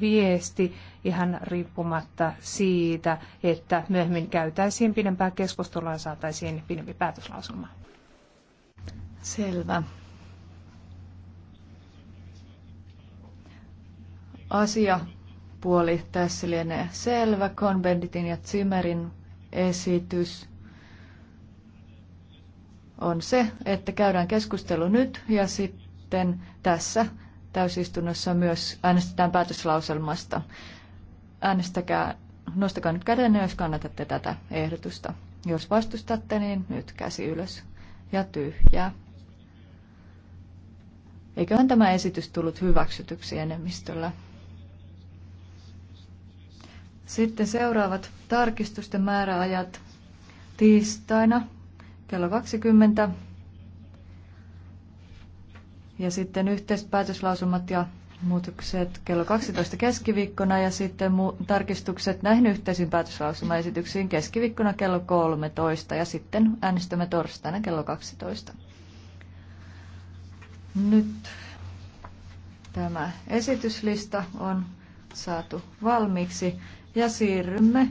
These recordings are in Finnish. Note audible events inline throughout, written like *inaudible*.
viesti ihan riippumatta siitä, että myöhemmin käytäisiin pidempää keskustelua ja saataisiin pidempi päätöslausuma. Selvä. Asia puoli tässä lienee selvä. Konbenditin ja Zymerin esitys on se, että käydään keskustelu nyt ja sitten tässä täysistunnossa myös äänestetään päätöslauselmasta. Äänestäkää, nostakaa nyt kädenne, jos kannatatte tätä ehdotusta. Jos vastustatte, niin nyt käsi ylös ja tyhjää. Eiköhän tämä esitys tullut hyväksytyksi enemmistöllä. Sitten seuraavat tarkistusten määräajat tiistaina kello 20 ja sitten yhteiset päätöslausumat ja muutokset kello 12 keskiviikkona ja sitten tarkistukset näihin yhteisiin päätöslausumaesityksiin keskiviikkona kello 13 ja sitten äänestämme torstaina kello 12. Nyt tämä esityslista on saatu valmiiksi ja siirrymme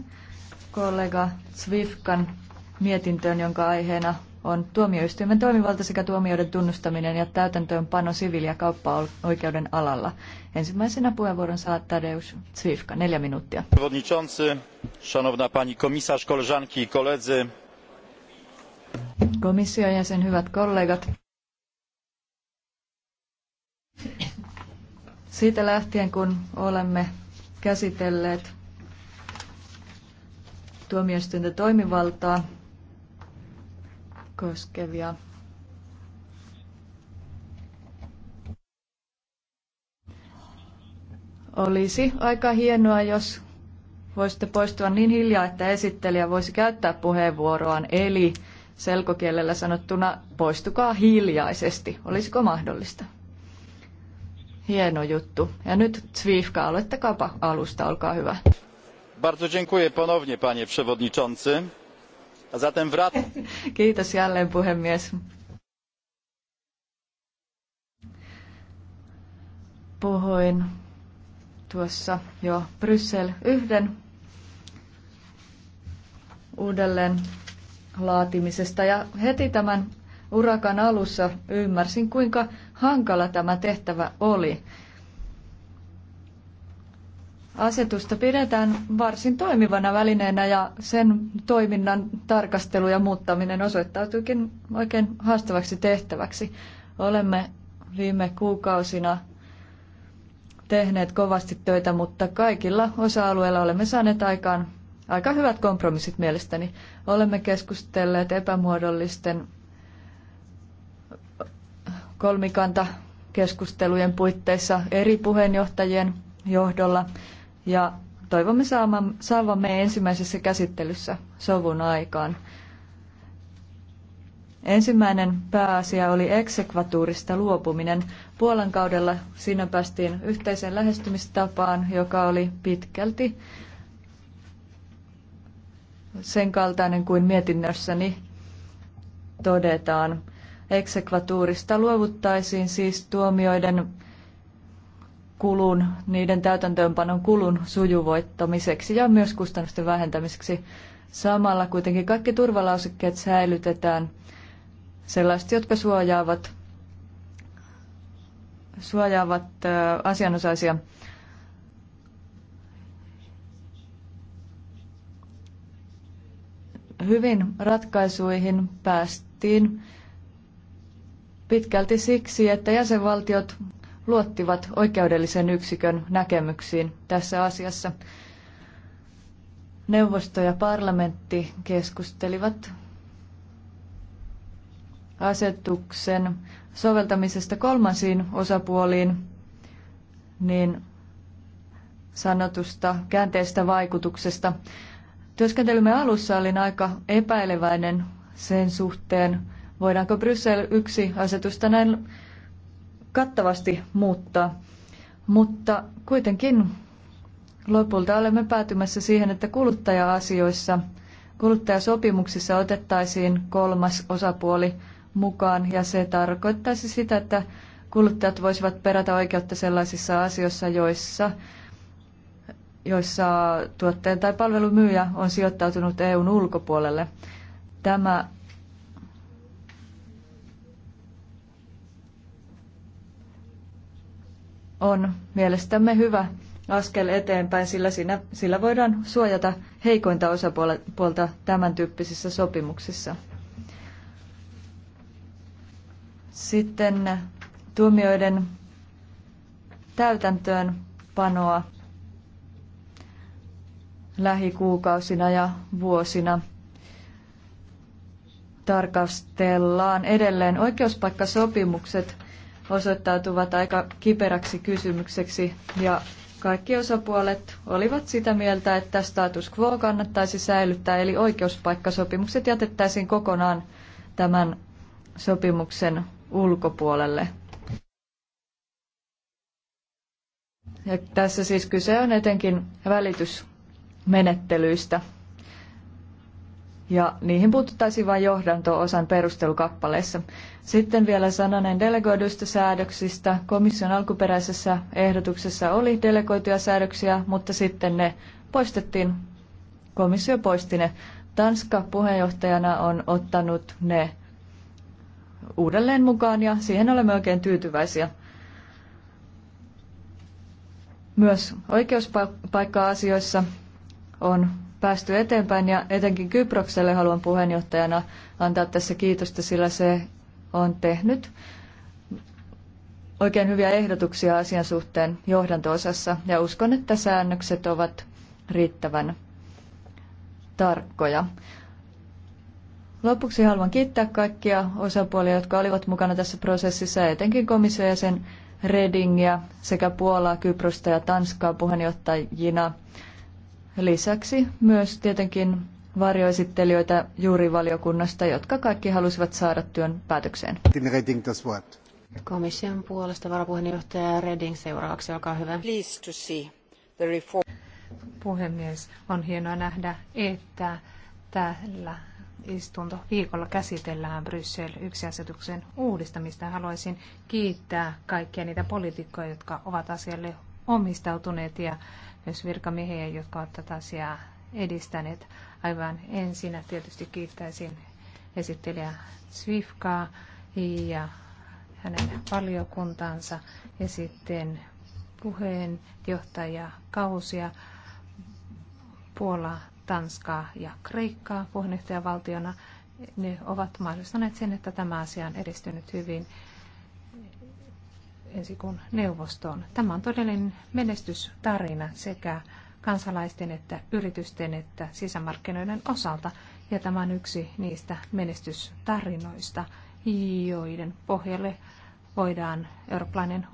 kollega Zwifkan mietintöön, jonka aiheena on tuomioistuimen toimivalta sekä tuomioiden tunnustaminen ja täytäntöönpano siviili- ja kauppaoikeuden alalla. Ensimmäisenä puheenvuoron saa Tadeusz Zwifka, neljä minuuttia. Przewodniczący, szanowna pani komisarz, koleżanki i koledzy. Komission jäsen, hyvät kollegat. Siitä lähtien, kun olemme käsitelleet tuomioistuinten toimivaltaa, koskevia Olisi aika hienoa, jos voisitte poistua niin hiljaa, että esittelijä voisi käyttää puheenvuoroaan, eli selkokielellä sanottuna poistukaa hiljaisesti. Olisiko mahdollista? Hieno juttu. Ja nyt Zwifka, aloittakaa alusta, olkaa hyvä. Bardzo dziękuję ponownie, panie przewodniczący. Zatem wrat- *laughs* Kiitos jälleen puhemies. Puhuin tuossa jo Bryssel yhden uudelleen laatimisesta ja heti tämän urakan alussa ymmärsin, kuinka hankala tämä tehtävä oli. Asetusta pidetään varsin toimivana välineenä ja sen toiminnan tarkastelu ja muuttaminen osoittautuikin oikein haastavaksi tehtäväksi. Olemme viime kuukausina tehneet kovasti töitä, mutta kaikilla osa-alueilla olemme saaneet aikaan aika hyvät kompromissit mielestäni. Olemme keskustelleet epämuodollisten kolmikantakeskustelujen puitteissa eri puheenjohtajien johdolla ja toivomme saavamme ensimmäisessä käsittelyssä sovun aikaan. Ensimmäinen pääasia oli eksekvatuurista luopuminen. Puolan kaudella siinä päästiin yhteiseen lähestymistapaan, joka oli pitkälti sen kaltainen kuin mietinnössäni todetaan. Eksekvatuurista luovuttaisiin siis tuomioiden kulun, niiden täytäntöönpanon kulun sujuvoittamiseksi ja myös kustannusten vähentämiseksi. Samalla kuitenkin kaikki turvalausekkeet säilytetään sellaiset, jotka suojaavat, suojaavat asianosaisia. Hyvin ratkaisuihin päästiin pitkälti siksi, että jäsenvaltiot luottivat oikeudellisen yksikön näkemyksiin tässä asiassa. Neuvosto ja parlamentti keskustelivat asetuksen soveltamisesta kolmansiin osapuoliin niin sanotusta käänteistä vaikutuksesta. Työskentelymme alussa olin aika epäileväinen sen suhteen, voidaanko Bryssel yksi asetusta näin kattavasti muuttaa, mutta kuitenkin lopulta olemme päätymässä siihen, että kuluttaja-asioissa, kuluttajasopimuksissa otettaisiin kolmas osapuoli mukaan ja se tarkoittaisi sitä, että kuluttajat voisivat perätä oikeutta sellaisissa asioissa, joissa, joissa tuotteen tai palvelun myyjä on sijoittautunut EUn ulkopuolelle. Tämä on mielestämme hyvä askel eteenpäin, sillä siinä, sillä voidaan suojata heikointa osapuolta tämän tyyppisissä sopimuksissa. Sitten tuomioiden täytäntöön panoa lähikuukausina ja vuosina tarkastellaan edelleen. Oikeuspaikkasopimukset osoittautuvat aika kiperäksi kysymykseksi ja kaikki osapuolet olivat sitä mieltä, että status quo kannattaisi säilyttää, eli oikeuspaikkasopimukset jätettäisiin kokonaan tämän sopimuksen ulkopuolelle. Ja tässä siis kyse on etenkin välitysmenettelyistä ja niihin puututtaisiin vain johdanto-osan perustelukappaleessa. Sitten vielä sananen delegoiduista säädöksistä. Komission alkuperäisessä ehdotuksessa oli delegoituja säädöksiä, mutta sitten ne poistettiin. Komissio poisti ne. Tanska puheenjohtajana on ottanut ne uudelleen mukaan ja siihen olemme oikein tyytyväisiä. Myös oikeuspaikka-asioissa on päästy eteenpäin ja etenkin Kyprokselle haluan puheenjohtajana antaa tässä kiitosta, sillä se on tehnyt oikein hyviä ehdotuksia asian suhteen johdantoosassa ja uskon, että säännökset ovat riittävän tarkkoja. Lopuksi haluan kiittää kaikkia osapuolia, jotka olivat mukana tässä prosessissa, etenkin komission jäsen Redingia sekä Puolaa, Kyprosta ja Tanskaa puheenjohtajina. Lisäksi myös tietenkin varjoesittelijöitä juurivaliokunnasta, jotka kaikki halusivat saada työn päätökseen. Komission puolesta varapuheenjohtaja Reding seuraavaksi, olkaa hyvä. Puhemies, on hienoa nähdä, että tällä istuntoviikolla käsitellään Bryssel 1 asetuksen uudistamista. Haluaisin kiittää kaikkia niitä poliitikkoja, jotka ovat asialle omistautuneet ja myös virkamiehiä, jotka ovat tätä asiaa edistäneet. Aivan ensinnä tietysti kiittäisin esittelijä Swifkaa ja hänen valiokuntansa ja sitten puheenjohtaja Kausia Puola, Tanskaa ja Kreikkaa puheenjohtajavaltiona. Ne ovat mahdollistaneet sen, että tämä asia on edistynyt hyvin ensi kuun neuvostoon. Tämä on todellinen menestystarina sekä kansalaisten että yritysten että sisämarkkinoiden osalta. Ja tämä on yksi niistä menestystarinoista, joiden pohjalle voidaan eurooppalainen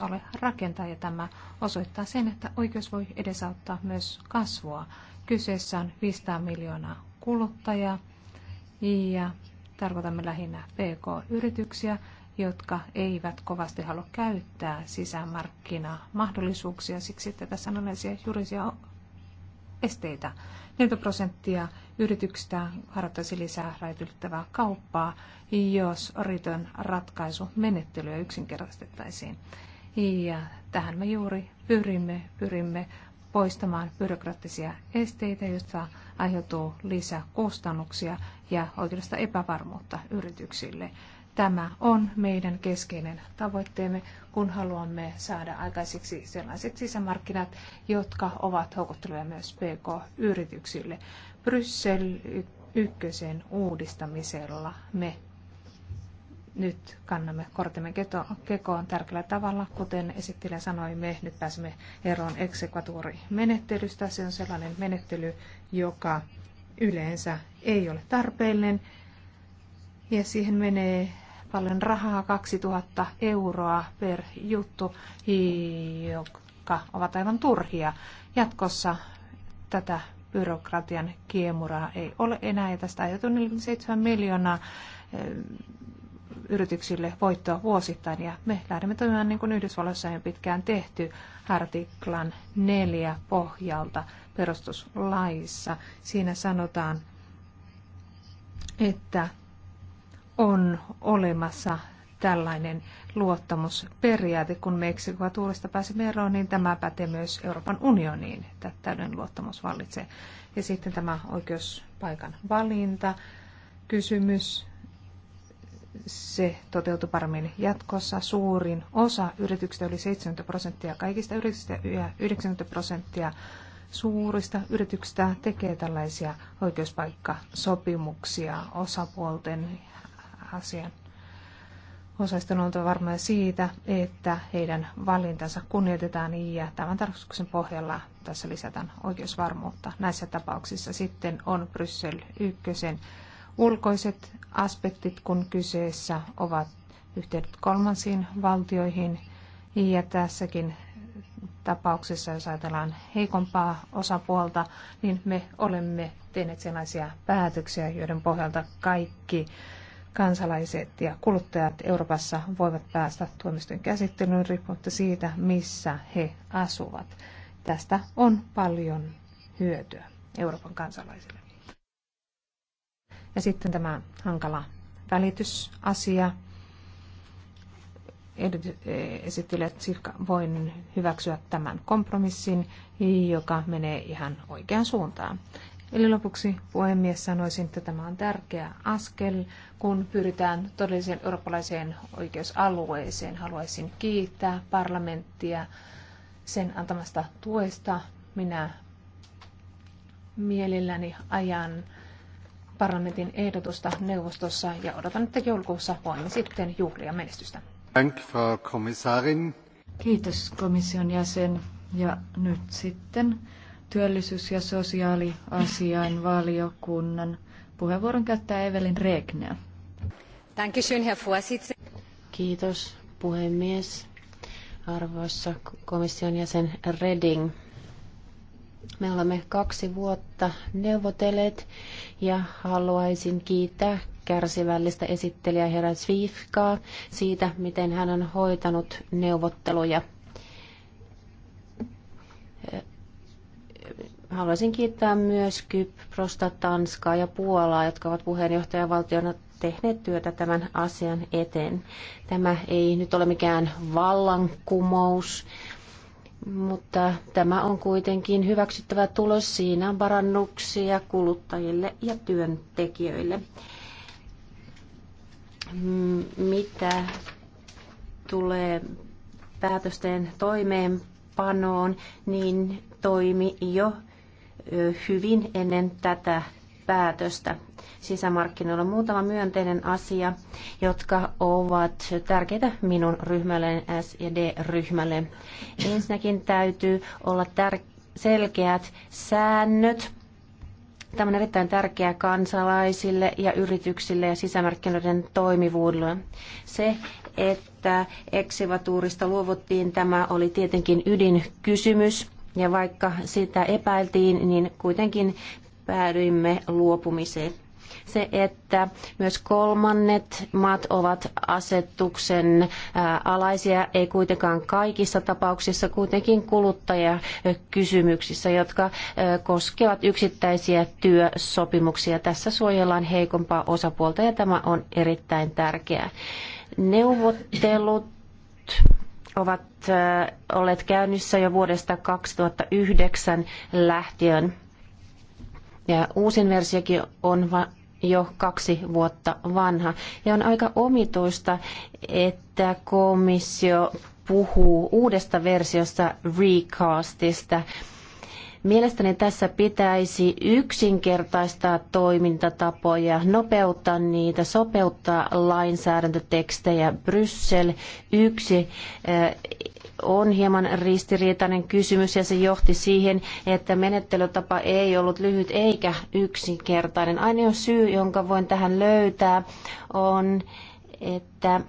ole rakentaa. Ja tämä osoittaa sen, että oikeus voi edesauttaa myös kasvua. Kyseessä on 500 miljoonaa kuluttajaa ja tarkoitamme lähinnä PK-yrityksiä, jotka eivät kovasti halua käyttää sisämarkkinamahdollisuuksia siksi, että tässä on näisiä juridisia esteitä. 40 prosenttia yrityksistä harjoittaisi lisää rajatylittävää kauppaa, jos riitön ratkaisumenettelyä yksinkertaistettaisiin. Ja tähän me juuri pyrimme, pyrimme poistamaan byrokraattisia esteitä, joista aiheutuu lisää kustannuksia ja oikeudesta epävarmuutta yrityksille. Tämä on meidän keskeinen tavoitteemme, kun haluamme saada aikaiseksi sellaiset sisämarkkinat, jotka ovat houkuttelevia myös PK-yrityksille. Bryssel ykkösen uudistamisella me nyt kannamme kortemme kekoon tärkeällä tavalla. Kuten esittelijä sanoi, me nyt pääsemme eroon eksekvatuurimenettelystä. Se on sellainen menettely, joka yleensä ei ole tarpeellinen ja siihen menee paljon rahaa, 2000 euroa per juttu, jotka ovat aivan turhia. Jatkossa tätä byrokratian kiemuraa ei ole enää ja tästä aiheutuu 47 miljoonaa eh, yrityksille voittoa vuosittain ja me lähdemme toimimaan niin kuin Yhdysvalloissa on pitkään tehty artiklan neljä pohjalta perustuslaissa. Siinä sanotaan, että on olemassa tällainen luottamusperiaate. Kun Meksikoa tuulesta pääsimme eroon, niin tämä pätee myös Euroopan unioniin. Täyden luottamus vallitsee. Ja sitten tämä oikeuspaikan valinta, kysymys, se toteutui paremmin jatkossa. Suurin osa yrityksistä oli 70 prosenttia kaikista yrityksistä ja 90 prosenttia suurista yrityksistä tekee tällaisia oikeuspaikkasopimuksia osapuolten asian. Osaisten on oltava varmoja siitä, että heidän valintansa kunnioitetaan ja tämän tarkastuksen pohjalla tässä lisätään oikeusvarmuutta. Näissä tapauksissa sitten on Bryssel ykkösen ulkoiset aspektit, kun kyseessä ovat yhteydet kolmansiin valtioihin. Ja tässäkin tapauksessa, jos ajatellaan heikompaa osapuolta, niin me olemme tehneet sellaisia päätöksiä, joiden pohjalta kaikki kansalaiset ja kuluttajat Euroopassa voivat päästä tuomisten käsittelyyn riippumatta siitä, missä he asuvat. Tästä on paljon hyötyä Euroopan kansalaisille. Ja sitten tämä hankala välitysasia. Esittelijät Sirka voin hyväksyä tämän kompromissin, joka menee ihan oikeaan suuntaan. Eli lopuksi puhemies sanoisin, että tämä on tärkeä askel kun pyritään todelliseen eurooppalaiseen oikeusalueeseen. Haluaisin kiittää parlamenttia sen antamasta tuesta. Minä mielelläni ajan parlamentin ehdotusta neuvostossa ja odotan, että joulukuussa voimme sitten juhlia menestystä. Kiitos komission jäsen. Ja nyt sitten työllisyys- ja sosiaaliasiain valiokunnan Puheenvuoron käyttää Evelin Regner. Kiitos, puhemies. Arvoissa komission jäsen Reding. Me olemme kaksi vuotta neuvotelleet ja haluaisin kiittää kärsivällistä esittelijä herra Zwifkaa siitä, miten hän on hoitanut neuvotteluja. Haluaisin kiittää myös Kyprosta, Tanskaa ja Puolaa, jotka ovat puheenjohtajavaltiona tehneet työtä tämän asian eteen. Tämä ei nyt ole mikään vallankumous, mutta tämä on kuitenkin hyväksyttävä tulos. Siinä on parannuksia kuluttajille ja työntekijöille. Mm, mitä tulee päätösten toimeenpanoon, niin toimi jo hyvin ennen tätä päätöstä sisämarkkinoilla. Muutama myönteinen asia, jotka ovat tärkeitä minun ryhmälle, SD-ryhmälle. Ensinnäkin täytyy olla selkeät säännöt. Tämä on erittäin tärkeää kansalaisille ja yrityksille ja sisämarkkinoiden toimivuudelle. Se, että eksivatuurista luovuttiin, tämä oli tietenkin ydinkysymys ja vaikka sitä epäiltiin, niin kuitenkin päädyimme luopumiseen. Se, että myös kolmannet maat ovat asetuksen alaisia, ei kuitenkaan kaikissa tapauksissa, kuitenkin kuluttajakysymyksissä, jotka koskevat yksittäisiä työsopimuksia. Tässä suojellaan heikompaa osapuolta ja tämä on erittäin tärkeää. Neuvottelut ovat äh, olleet käynnissä jo vuodesta 2009 lähtien. Ja uusin versiokin on jo kaksi vuotta vanha. Ja on aika omituista, että komissio puhuu uudesta versiosta recastista. Mielestäni tässä pitäisi yksinkertaistaa toimintatapoja, nopeuttaa niitä, sopeuttaa lainsäädäntötekstejä. Bryssel yksi eh, on hieman ristiriitainen kysymys ja se johti siihen, että menettelytapa ei ollut lyhyt eikä yksinkertainen. Ainoa syy, jonka voin tähän löytää, on, että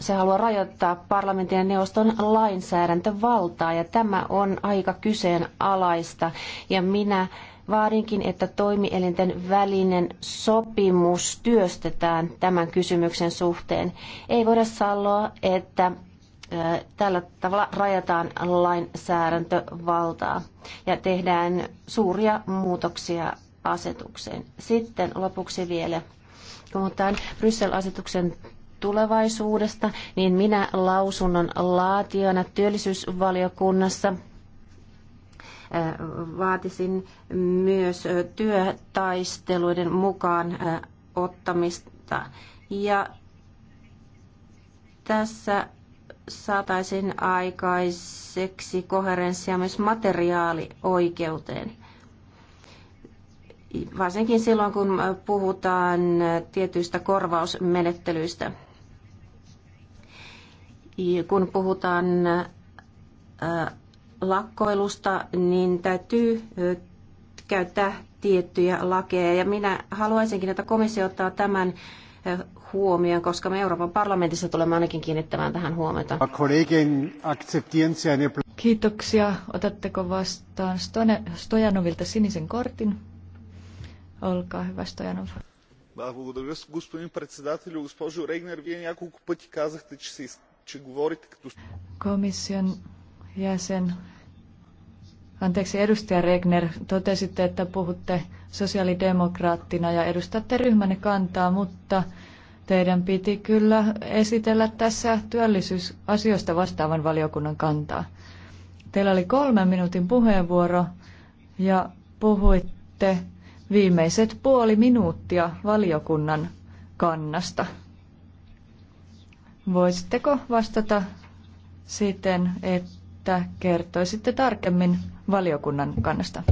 se haluaa rajoittaa parlamentin ja neuvoston lainsäädäntövaltaa ja tämä on aika kyseenalaista ja minä vaadinkin, että toimielinten välinen sopimus työstetään tämän kysymyksen suhteen. Ei voida salloa, että tällä tavalla rajataan lainsäädäntövaltaa ja tehdään suuria muutoksia asetukseen. Sitten lopuksi vielä puhutaan Bryssel-asetuksen tulevaisuudesta, niin minä lausunnon laatijana työllisyysvaliokunnassa vaatisin myös työtaisteluiden mukaan ottamista. Ja tässä saataisiin aikaiseksi koherenssia myös materiaalioikeuteen. Varsinkin silloin, kun puhutaan tietyistä korvausmenettelyistä. Kun puhutaan lakkoilusta, niin täytyy käyttää tiettyjä lakeja. Ja minä haluaisinkin, että komissio ottaa tämän huomioon, koska me Euroopan parlamentissa tulemme ainakin kiinnittämään tähän huomiota. Kiitoksia. Otatteko vastaan Stojanovilta sinisen kortin? Olkaa hyvä, Stojanov. Благодаря, господин председател. Госпожо Регнер, вие няколко пъти казахте, че се Komission jäsen, anteeksi edustaja Regner, totesitte, että puhutte sosiaalidemokraattina ja edustatte ryhmänne kantaa, mutta teidän piti kyllä esitellä tässä työllisyysasioista vastaavan valiokunnan kantaa. Teillä oli kolmen minuutin puheenvuoro ja puhuitte viimeiset puoli minuuttia valiokunnan kannasta. Voisitteko vastata siten, että kertoisitte tarkemmin valiokunnan kannasta?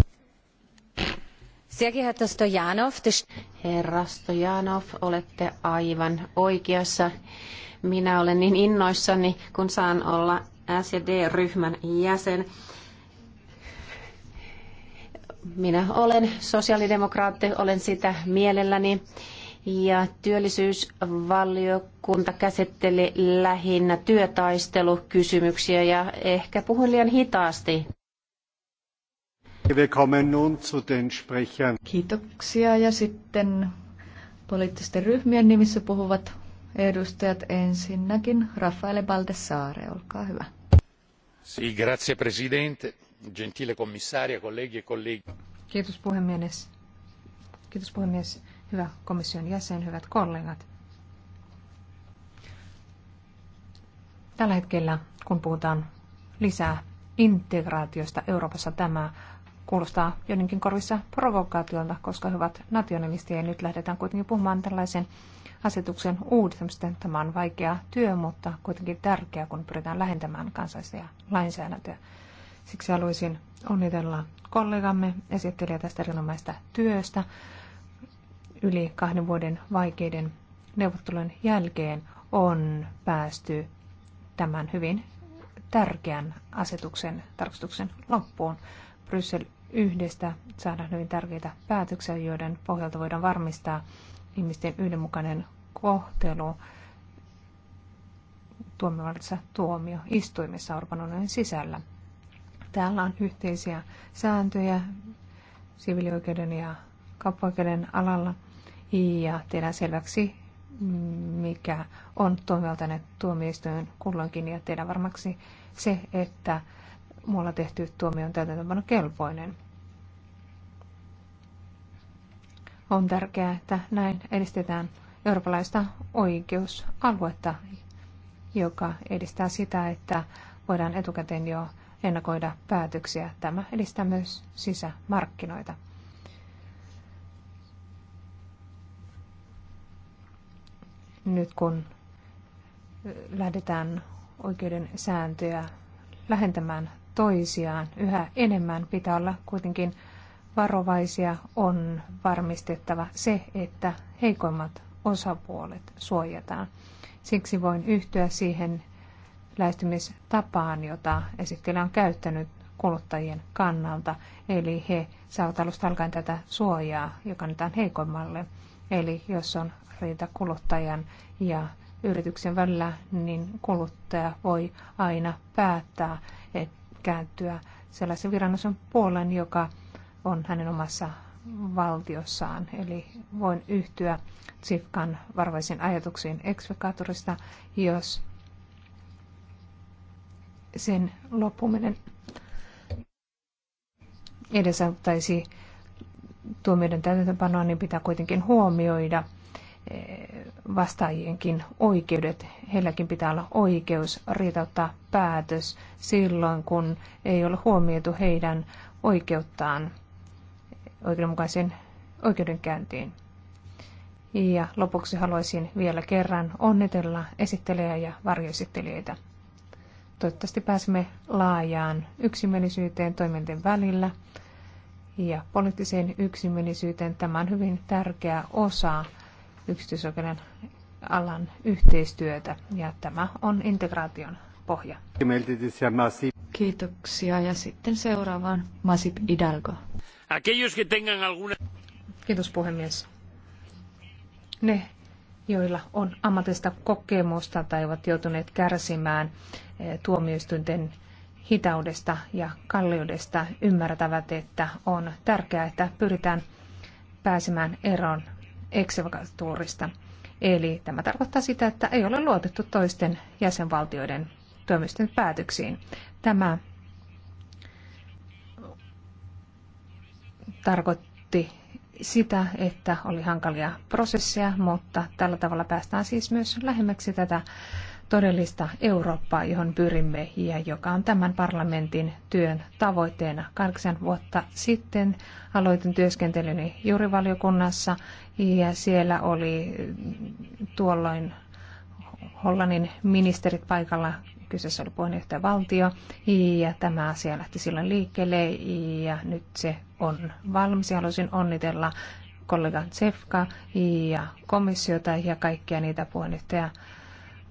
Herra Stojanov, olette aivan oikeassa. Minä olen niin innoissani, kun saan olla SD-ryhmän jäsen. Minä olen sosiaalidemokraatti, olen sitä mielelläni ja työllisyysvaliokunta käsitteli lähinnä työtaistelukysymyksiä ja ehkä puhuin liian hitaasti. Kiitoksia ja sitten poliittisten ryhmien nimissä puhuvat edustajat ensinnäkin. Raffaele Baldessare, olkaa hyvä. Si, grazie presidente, gentile commissaria, colleghi e colleghi. Kiitos puhemies. Kiitos puhemies. Hyvä komission jäsen, hyvät kollegat. Tällä hetkellä, kun puhutaan lisää integraatiosta Euroopassa, tämä kuulostaa joidenkin korvissa provokaatiolta, koska hyvät ovat ja nyt lähdetään kuitenkin puhumaan tällaisen asetuksen uudistamista. Tämä on vaikea työ, mutta kuitenkin tärkeää, kun pyritään lähentämään kansallisia lainsäädäntöä. Siksi haluaisin onnitella kollegamme esittelijä tästä erinomaisesta työstä yli kahden vuoden vaikeiden neuvottelujen jälkeen on päästy tämän hyvin tärkeän asetuksen tarkastuksen loppuun. Bryssel yhdestä saadaan hyvin tärkeitä päätöksiä, joiden pohjalta voidaan varmistaa ihmisten yhdenmukainen kohtelu tuomioissa tuomioistuimissa Euroopan unionin sisällä. Täällä on yhteisiä sääntöjä siviilioikeuden ja kauppoikeuden alalla – ja tehdään selväksi, mikä on toimivaltainen tuomioistuin kulloinkin ja tehdään varmaksi se, että muualla tehty tuomio on täytäntöönpano kelpoinen. On tärkeää, että näin edistetään eurooppalaista oikeusaluetta, joka edistää sitä, että voidaan etukäteen jo ennakoida päätöksiä. Tämä edistää myös sisämarkkinoita. nyt kun lähdetään oikeuden sääntöjä lähentämään toisiaan yhä enemmän, pitää olla kuitenkin varovaisia, on varmistettava se, että heikoimmat osapuolet suojataan. Siksi voin yhtyä siihen lähestymistapaan, jota esittelijä on käyttänyt kuluttajien kannalta. Eli he saavat alusta alkaen tätä suojaa, joka annetaan heikoimmalle. Eli jos on riita kuluttajan ja yrityksen välillä, niin kuluttaja voi aina päättää et kääntyä sellaisen viranomaisen puolen, joka on hänen omassa valtiossaan. Eli voin yhtyä Tsifkan varvaisiin ajatuksiin ekspekaatorista, jos sen loppuminen edesauttaisi tuomioiden täytäntöpanoa, niin pitää kuitenkin huomioida – vastaajienkin oikeudet. Heilläkin pitää olla oikeus riitauttaa päätös silloin, kun ei ole huomioitu heidän oikeuttaan oikeudenmukaiseen oikeudenkäyntiin. Ja lopuksi haluaisin vielä kerran onnitella esittelejä ja varjoesittelijöitä. Toivottavasti pääsemme laajaan yksimielisyyteen toiminten välillä ja poliittiseen yksimielisyyteen. Tämä on hyvin tärkeä osa yksityisoikeuden alan yhteistyötä ja tämä on integraation pohja. Kiitoksia ja sitten seuraavaan Masip Hidalgo. Kiitos puhemies. Ne, joilla on ammatista kokemusta tai ovat joutuneet kärsimään eh, tuomioistuinten hitaudesta ja kalliudesta, ymmärtävät, että on tärkeää, että pyritään pääsemään eroon eksekvatuurista. Eli tämä tarkoittaa sitä, että ei ole luotettu toisten jäsenvaltioiden toimisten päätöksiin. Tämä tarkoitti sitä, että oli hankalia prosesseja, mutta tällä tavalla päästään siis myös lähemmäksi tätä todellista Eurooppaa, johon pyrimme ja joka on tämän parlamentin työn tavoitteena. Kahdeksan vuotta sitten aloitin työskentelyni juurivaliokunnassa ja siellä oli tuolloin Hollannin ministerit paikalla. Kyseessä oli puheenjohtaja valtio ja tämä asia lähti silloin liikkeelle ja nyt se on valmis. Haluaisin onnitella kollega Tsefka ja komissiota ja kaikkia niitä puheenjohtaja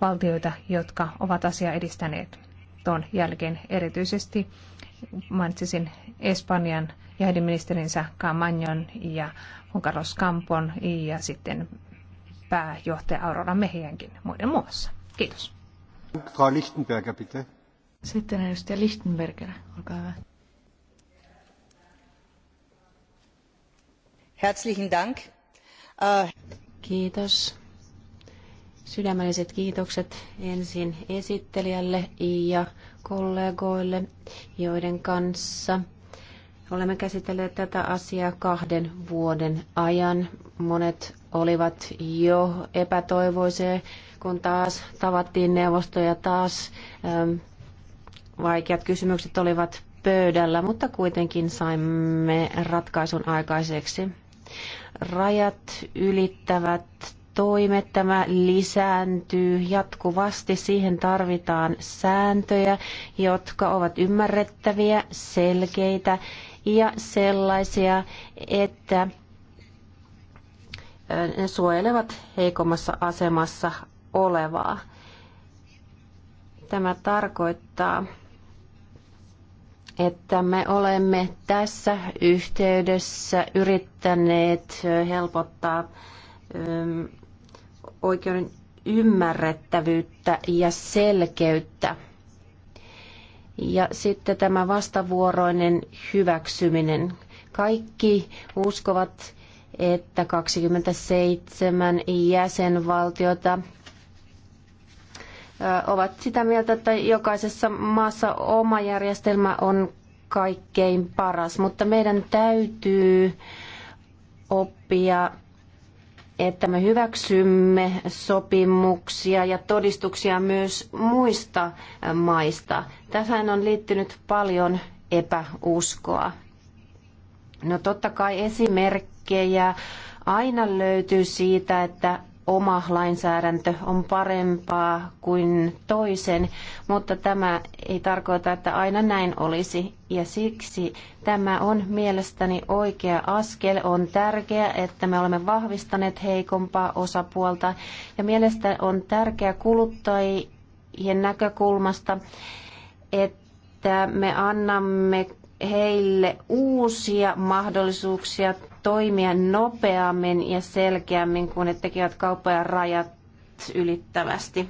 valtioita, jotka ovat asiaa edistäneet tuon jälkeen. Erityisesti mainitsisin Espanjan ja heidän ministerinsä Camañon ja Juan Campon ja sitten pääjohtaja Aurora Mehiänkin muiden muassa. Kiitos. Frau Lichtenberger, bitte. Sitten edustaja Lichtenberger, olkaa hyvä. Herzlichen Dank. Äh, Kiitos. Sydämelliset kiitokset ensin esittelijälle ja kollegoille, joiden kanssa olemme käsitelleet tätä asiaa kahden vuoden ajan. Monet olivat jo epätoivoisia, kun taas tavattiin neuvostoja, taas ähm, vaikeat kysymykset olivat pöydällä, mutta kuitenkin saimme ratkaisun aikaiseksi. Rajat ylittävät toimet, tämä lisääntyy jatkuvasti. Siihen tarvitaan sääntöjä, jotka ovat ymmärrettäviä, selkeitä ja sellaisia, että ne suojelevat heikommassa asemassa olevaa. Tämä tarkoittaa, että me olemme tässä yhteydessä yrittäneet helpottaa oikeuden ymmärrettävyyttä ja selkeyttä. Ja sitten tämä vastavuoroinen hyväksyminen. Kaikki uskovat, että 27 jäsenvaltiota ovat sitä mieltä, että jokaisessa maassa oma järjestelmä on kaikkein paras, mutta meidän täytyy oppia että me hyväksymme sopimuksia ja todistuksia myös muista maista. Tähän on liittynyt paljon epäuskoa. No totta kai esimerkkejä aina löytyy siitä, että oma lainsäädäntö on parempaa kuin toisen, mutta tämä ei tarkoita, että aina näin olisi. Ja siksi tämä on mielestäni oikea askel. On tärkeää, että me olemme vahvistaneet heikompaa osapuolta. Ja mielestäni on tärkeää kuluttajien näkökulmasta, että me annamme heille uusia mahdollisuuksia toimia nopeammin ja selkeämmin, kun ne tekevät kauppoja rajat ylittävästi.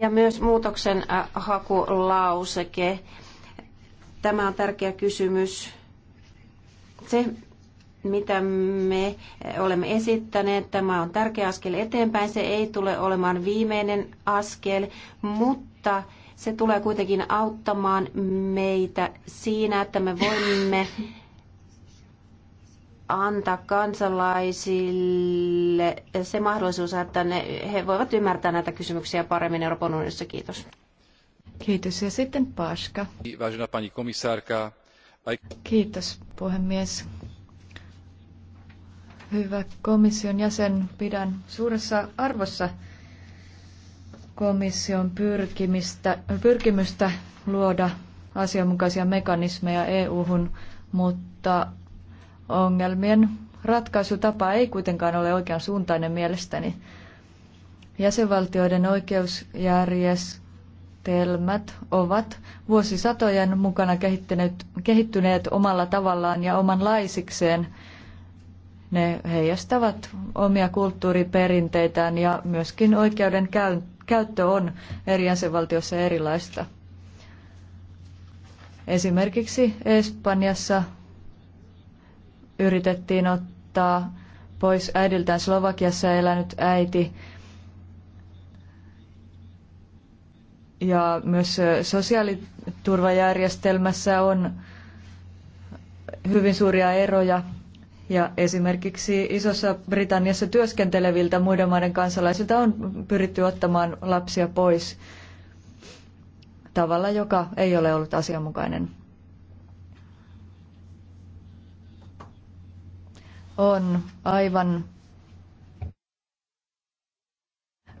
Ja myös muutoksen äh, hakulauseke. Tämä on tärkeä kysymys. Se, mitä me äh, olemme esittäneet, tämä on tärkeä askel eteenpäin. Se ei tule olemaan viimeinen askel, mutta se tulee kuitenkin auttamaan meitä siinä, että me voimme antaa kansalaisille se mahdollisuus, että ne, he voivat ymmärtää näitä kysymyksiä paremmin Euroopan unionissa. Kiitos. Kiitos. Ja sitten Paska. Kiitos, puhemies. Hyvä komission jäsen, pidän suuressa arvossa komission pyrkimistä, pyrkimystä luoda asianmukaisia mekanismeja EU-hun, mutta ongelmien ratkaisutapa ei kuitenkaan ole oikean suuntainen mielestäni. Jäsenvaltioiden oikeusjärjestelmät ovat vuosisatojen mukana kehittyneet, kehittyneet omalla tavallaan ja omanlaisikseen. Ne heijastavat omia kulttuuriperinteitään ja myöskin oikeuden käyttö on eri jäsenvaltioissa erilaista. Esimerkiksi Espanjassa yritettiin ottaa pois äidiltään Slovakiassa elänyt äiti. Ja myös sosiaaliturvajärjestelmässä on hyvin suuria eroja ja esimerkiksi Isossa Britanniassa työskenteleviltä muiden maiden kansalaisilta on pyritty ottamaan lapsia pois tavalla, joka ei ole ollut asianmukainen. On aivan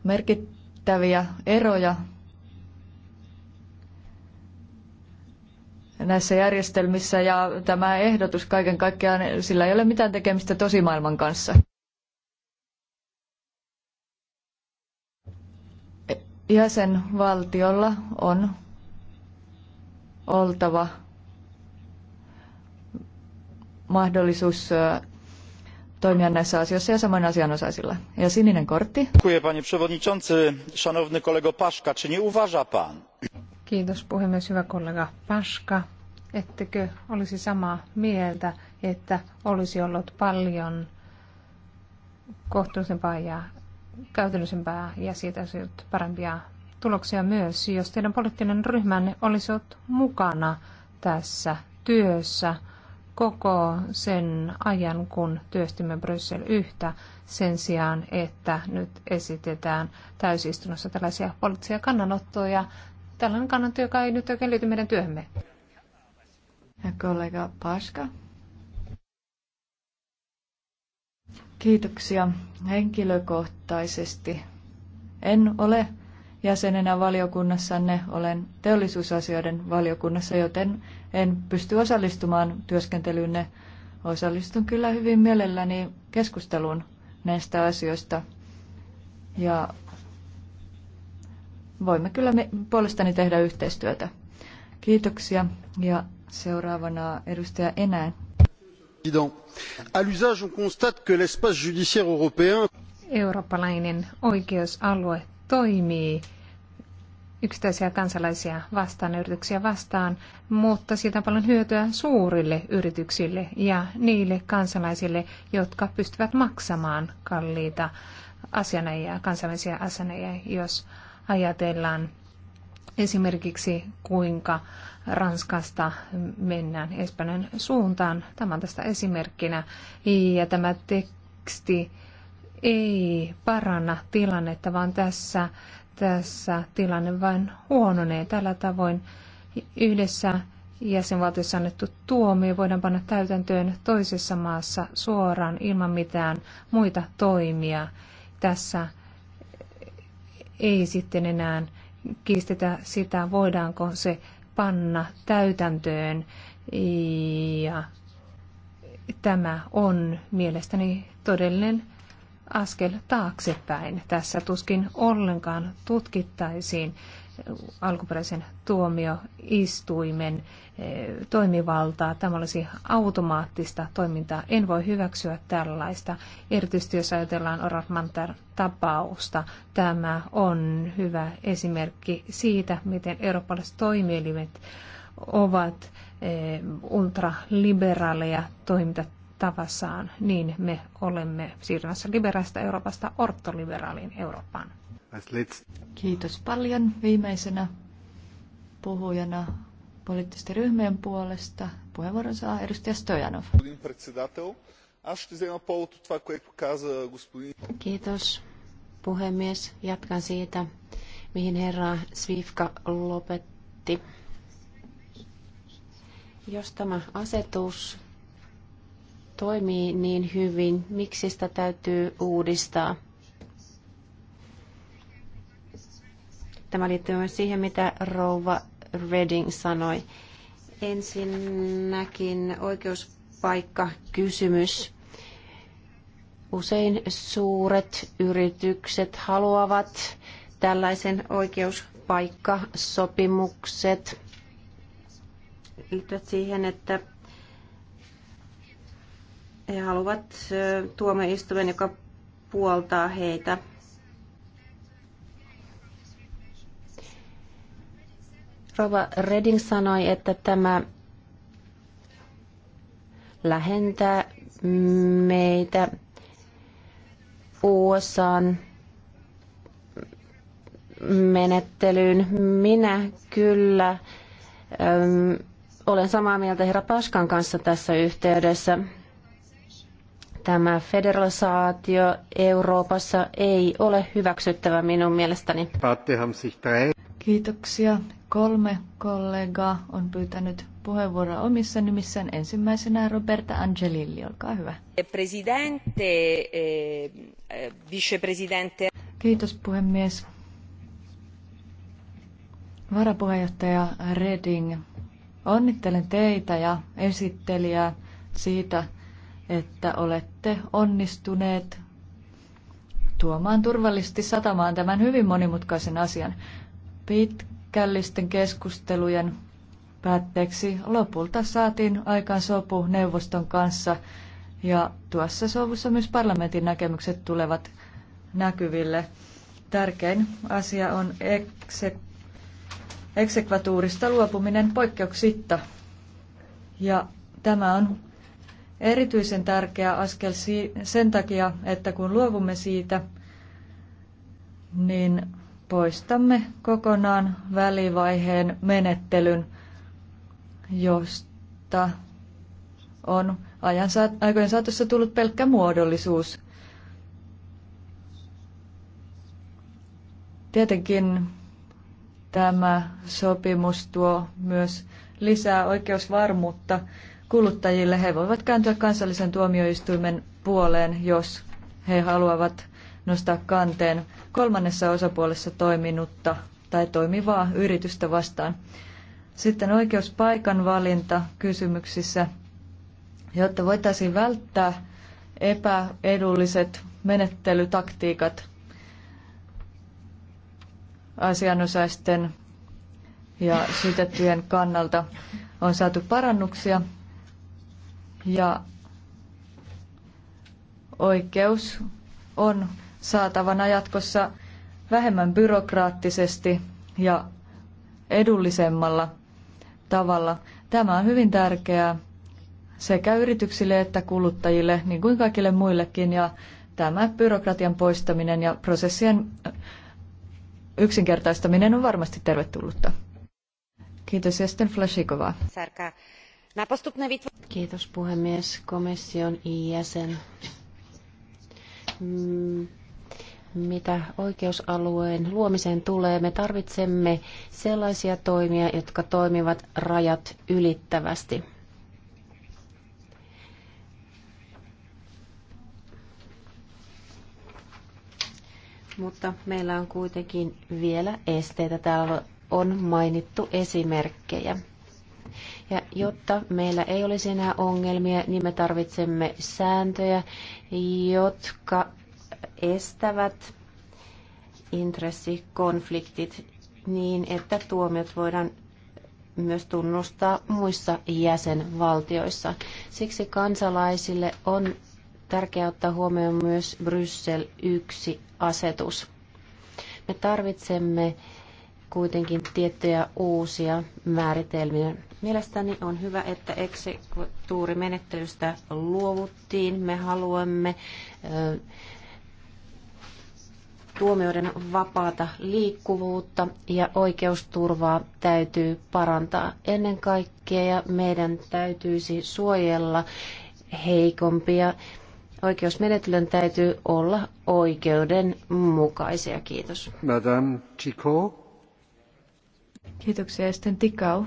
merkittäviä eroja näissä järjestelmissä ja tämä ehdotus kaiken kaikkiaan, sillä ei ole mitään tekemistä tosimaailman kanssa. Jäsenvaltiolla on oltava mahdollisuus toimia näissä asioissa ja samoin asianosaisilla. Ja sininen kortti. Panie przewodniczący, szanowny kolego Paszka, czy nie uważa pan? Kiitos puhemies, hyvä kollega Paska ettekö olisi samaa mieltä, että olisi ollut paljon kohtuullisempaa ja käytännöllisempää ja siitä olisi ollut parempia tuloksia myös, jos teidän poliittinen ryhmänne olisi ollut mukana tässä työssä koko sen ajan, kun työstimme Bryssel yhtä, sen sijaan, että nyt esitetään täysistunnossa tällaisia poliittisia kannanottoja. Tällainen kannantyö, joka ei nyt oikein liity meidän työhömme. Ja kollega Paska. Kiitoksia henkilökohtaisesti. En ole jäsenenä valiokunnassanne, olen teollisuusasioiden valiokunnassa, joten en pysty osallistumaan työskentelyynne. Osallistun kyllä hyvin mielelläni keskusteluun näistä asioista. Ja voimme kyllä me puolestani tehdä yhteistyötä. Kiitoksia ja Seuraavana edustaja Enää. À l'usage, on constate que l'espace judiciaire européen... Eurooppalainen oikeusalue toimii yksittäisiä kansalaisia vastaan ja yrityksiä vastaan, mutta siitä on paljon hyötyä suurille yrityksille ja niille kansalaisille, jotka pystyvät maksamaan kalliita asianajia, kansainvälisiä asianajia, jos ajatellaan esimerkiksi kuinka Ranskasta mennään Espanjan suuntaan. Tämä on tästä esimerkkinä. Ja tämä teksti ei paranna tilannetta, vaan tässä, tässä tilanne vain huononee. Tällä tavoin yhdessä jäsenvaltiossa annettu tuomio voidaan panna täytäntöön toisessa maassa suoraan ilman mitään muita toimia. Tässä ei sitten enää kiistetä sitä, voidaanko se panna täytäntöön. Ja tämä on mielestäni todellinen askel taaksepäin. Tässä tuskin ollenkaan tutkittaisiin alkuperäisen tuomioistuimen eh, toimivaltaa. Tämä olisi automaattista toimintaa. En voi hyväksyä tällaista, erityisesti jos ajatellaan Oratmantar tapausta. Tämä on hyvä esimerkki siitä, miten eurooppalaiset toimielimet ovat eh, ultraliberaaleja toimintatavassaan, niin me olemme siirrymässä liberaalista Euroopasta ortoliberaaliin Eurooppaan. Kiitos paljon. Viimeisenä puhujana poliittisten ryhmien puolesta puheenvuoron saa edustaja Stojanov. Kiitos puhemies. Jatkan siitä, mihin herra Svifka lopetti. Jos tämä asetus toimii niin hyvin, miksi sitä täytyy uudistaa? Tämä liittyy myös siihen, mitä rouva Redding sanoi. Ensinnäkin oikeuspaikka kysymys. Usein suuret yritykset haluavat tällaisen oikeuspaikkasopimukset liittyvät siihen, että he haluavat tuomioistuimen, joka puoltaa heitä Rova Redding sanoi, että tämä lähentää meitä USAn menettelyyn. Minä kyllä öm, ähm, olen samaa mieltä herra Paskan kanssa tässä yhteydessä. Tämä federalisaatio Euroopassa ei ole hyväksyttävä minun mielestäni. Kiitoksia. Kolme kollegaa on pyytänyt puheenvuoroa omissa nimissään. Ensimmäisenä Roberta Angelilli, olkaa hyvä. Presidente, eh, vicepresidente. Kiitos puhemies. Varapuheenjohtaja Reding, onnittelen teitä ja esittelijää siitä, että olette onnistuneet tuomaan turvallisesti satamaan tämän hyvin monimutkaisen asian. Pit, pitkällisten keskustelujen päätteeksi lopulta saatiin aikaan sopu neuvoston kanssa ja tuossa sovussa myös parlamentin näkemykset tulevat näkyville. Tärkein asia on ekse, eksekvatuurista luopuminen poikkeuksitta. Ja tämä on erityisen tärkeä askel sen takia, että kun luovumme siitä, niin poistamme kokonaan välivaiheen menettelyn, josta on ajan saat, aikojen saatossa tullut pelkkä muodollisuus. Tietenkin tämä sopimus tuo myös lisää oikeusvarmuutta kuluttajille. He voivat kääntyä kansallisen tuomioistuimen puoleen, jos he haluavat nostaa kanteen kolmannessa osapuolessa toiminutta tai toimivaa yritystä vastaan. Sitten oikeus valinta kysymyksissä, jotta voitaisiin välttää epäedulliset menettelytaktiikat asianosaisten ja syytettyjen kannalta on saatu parannuksia ja oikeus on saatavana jatkossa vähemmän byrokraattisesti ja edullisemmalla tavalla. Tämä on hyvin tärkeää sekä yrityksille että kuluttajille, niin kuin kaikille muillekin. Ja tämä byrokratian poistaminen ja prosessien äh, yksinkertaistaminen on varmasti tervetullutta. Kiitos ja Flashikova. Kiitos puhemies, komission jäsen. Mm, mitä oikeusalueen luomiseen tulee, me tarvitsemme sellaisia toimia, jotka toimivat rajat ylittävästi. Mutta meillä on kuitenkin vielä esteitä. Täällä on mainittu esimerkkejä. Ja jotta meillä ei olisi enää ongelmia, niin me tarvitsemme sääntöjä, jotka estävät intressikonfliktit niin, että tuomiot voidaan myös tunnustaa muissa jäsenvaltioissa. Siksi kansalaisille on tärkeää ottaa huomioon myös Bryssel 1-asetus. Me tarvitsemme kuitenkin tiettyjä uusia määritelmiä. Mielestäni on hyvä, että eksekutuurimenettelystä luovuttiin. Me haluamme tuomioiden vapaata liikkuvuutta ja oikeusturvaa täytyy parantaa ennen kaikkea ja meidän täytyisi suojella heikompia. Oikeusmenetelyn täytyy olla oikeudenmukaisia. Kiitos. Madame Chico. Kiitoksia. Sitten Tikau.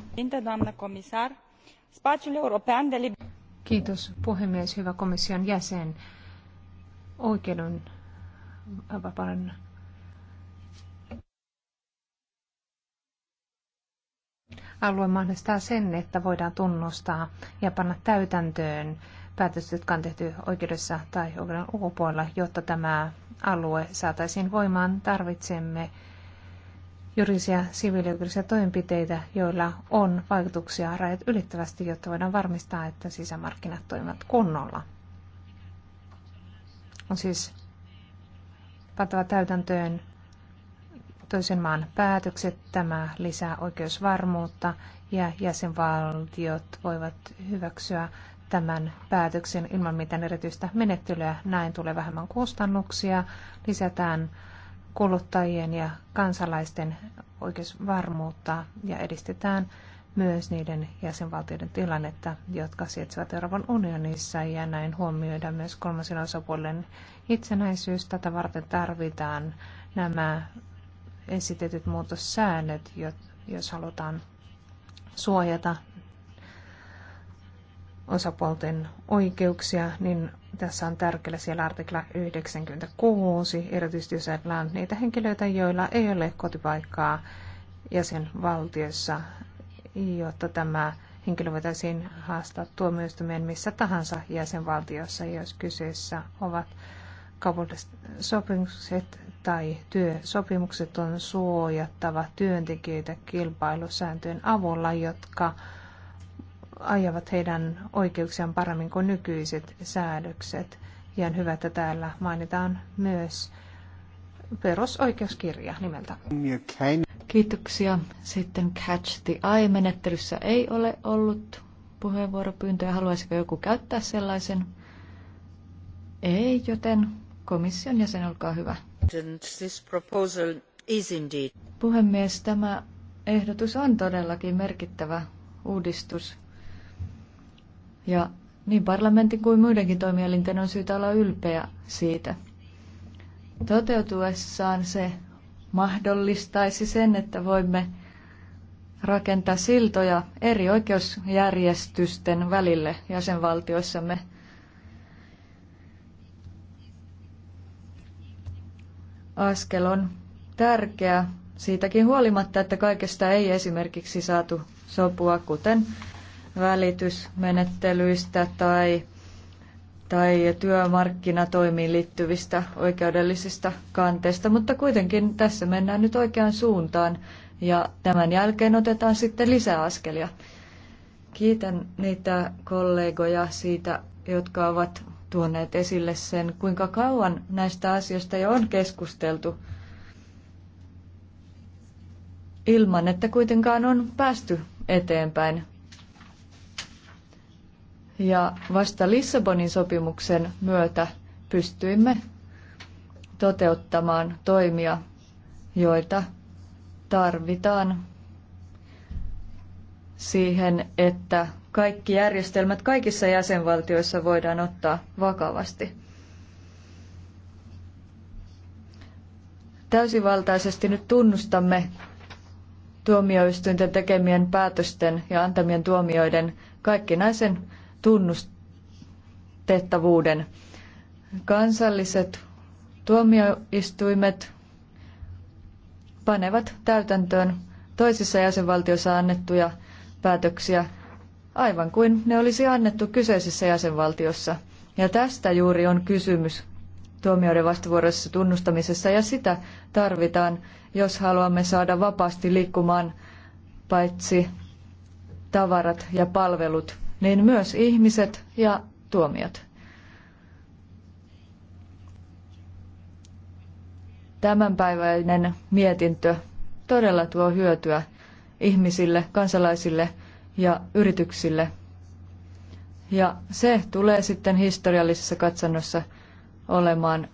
Kiitos puhemies, hyvä komission jäsen. Oikeuden vapaan alue mahdollistaa sen, että voidaan tunnustaa ja panna täytäntöön päätökset, jotka on tehty oikeudessa tai oikeuden ulkopuolella, jotta tämä alue saataisiin voimaan. Tarvitsemme juridisia siviilioikeudellisia toimenpiteitä, joilla on vaikutuksia rajat ylittävästi, jotta voidaan varmistaa, että sisämarkkinat toimivat kunnolla. On siis pantava täytäntöön toisen maan päätökset. Tämä lisää oikeusvarmuutta ja jäsenvaltiot voivat hyväksyä tämän päätöksen ilman mitään erityistä menettelyä. Näin tulee vähemmän kustannuksia, lisätään kuluttajien ja kansalaisten oikeusvarmuutta ja edistetään myös niiden jäsenvaltioiden tilannetta, jotka sijaitsevat Euroopan unionissa ja näin huomioida myös kolmasen osapuolen itsenäisyys. Tätä varten tarvitaan nämä esitetyt muutossäännöt, jos halutaan suojata osapuolten oikeuksia, niin tässä on tärkeä siellä artikla 96, erityisesti jos ajatellaan niitä henkilöitä, joilla ei ole kotipaikkaa jäsenvaltiossa jotta tämä henkilö voitaisiin haastaa tuomioistumien missä tahansa jäsenvaltiossa, jos kyseessä ovat kaupalliset sopimukset tai työsopimukset on suojattava työntekijöitä kilpailusääntöjen avulla, jotka ajavat heidän oikeuksiaan paremmin kuin nykyiset säädökset. Ja on hyvä, että täällä mainitaan myös perusoikeuskirja nimeltä. Kiitoksia. Sitten Catch the Eye-menettelyssä ei ole ollut puheenvuoropyyntöjä. Haluaisiko joku käyttää sellaisen? Ei, joten komission jäsen, olkaa hyvä. Puhemies, tämä ehdotus on todellakin merkittävä uudistus. Ja niin parlamentin kuin muidenkin toimielinten on syytä olla ylpeä siitä. Toteutuessaan se mahdollistaisi sen, että voimme rakentaa siltoja eri oikeusjärjestysten välille jäsenvaltioissamme. Askel on tärkeä siitäkin huolimatta, että kaikesta ei esimerkiksi saatu sopua, kuten välitysmenettelyistä tai tai työmarkkinatoimiin liittyvistä oikeudellisista kanteista, mutta kuitenkin tässä mennään nyt oikeaan suuntaan ja tämän jälkeen otetaan sitten lisää askelia. Kiitän niitä kollegoja siitä, jotka ovat tuoneet esille sen, kuinka kauan näistä asioista jo on keskusteltu ilman, että kuitenkaan on päästy eteenpäin ja vasta Lissabonin sopimuksen myötä pystyimme toteuttamaan toimia, joita tarvitaan siihen, että kaikki järjestelmät kaikissa jäsenvaltioissa voidaan ottaa vakavasti. Täysivaltaisesti nyt tunnustamme tuomioistuinten tekemien päätösten ja antamien tuomioiden kaikkinaisen tunnustettavuuden. Kansalliset tuomioistuimet panevat täytäntöön toisissa jäsenvaltioissa annettuja päätöksiä aivan kuin ne olisi annettu kyseisessä jäsenvaltiossa. Ja tästä juuri on kysymys tuomioiden vastavuoroisessa tunnustamisessa ja sitä tarvitaan, jos haluamme saada vapaasti liikkumaan paitsi tavarat ja palvelut niin myös ihmiset ja tuomiot. Tämänpäiväinen mietintö todella tuo hyötyä ihmisille, kansalaisille ja yrityksille. Ja se tulee sitten historiallisessa katsannossa olemaan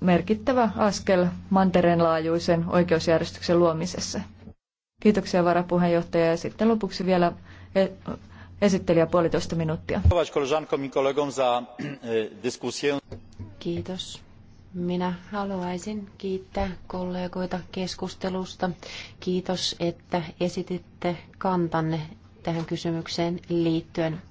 merkittävä askel mantereen laajuisen oikeusjärjestyksen luomisessa. Kiitoksia varapuheenjohtaja ja sitten lopuksi vielä E, esittelijä puolitoista minuuttia. E, Kiitos. Minä haluaisin kiittää kollegoita keskustelusta. Kiitos, että esititte kantanne tähän kysymykseen liittyen.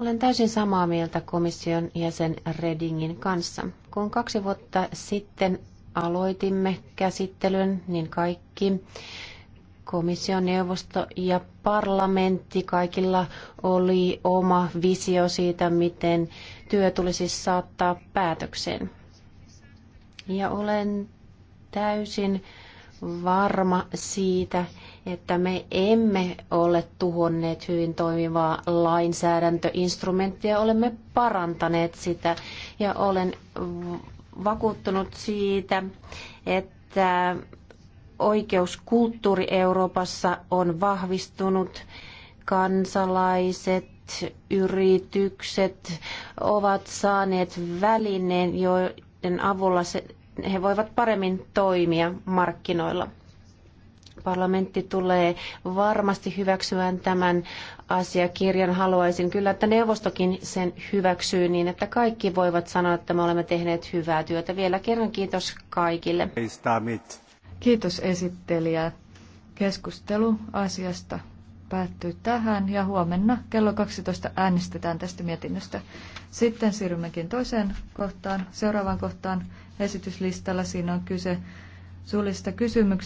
Olen täysin samaa mieltä komission jäsen Redingin kanssa. Kun kaksi vuotta sitten aloitimme käsittelyn, niin kaikki Komissio, neuvosto ja parlamentti, kaikilla oli oma visio siitä, miten työ tulisi saattaa päätökseen. Ja olen täysin varma siitä, että me emme ole tuhonneet hyvin toimivaa lainsäädäntöinstrumenttia, olemme parantaneet sitä ja olen vakuuttunut siitä, että oikeuskulttuuri Euroopassa on vahvistunut. Kansalaiset, yritykset ovat saaneet välineen, joiden avulla he voivat paremmin toimia markkinoilla. Parlamentti tulee varmasti hyväksymään tämän asiakirjan. Haluaisin kyllä, että neuvostokin sen hyväksyy niin, että kaikki voivat sanoa, että me olemme tehneet hyvää työtä. Vielä kerran kiitos kaikille. Kiitos esittelijä. Keskustelu asiasta päättyy tähän ja huomenna kello 12 äänestetään tästä mietinnöstä. Sitten siirrymmekin toiseen kohtaan, seuraavaan kohtaan esityslistalla. Siinä on kyse sulista kysymyksestä.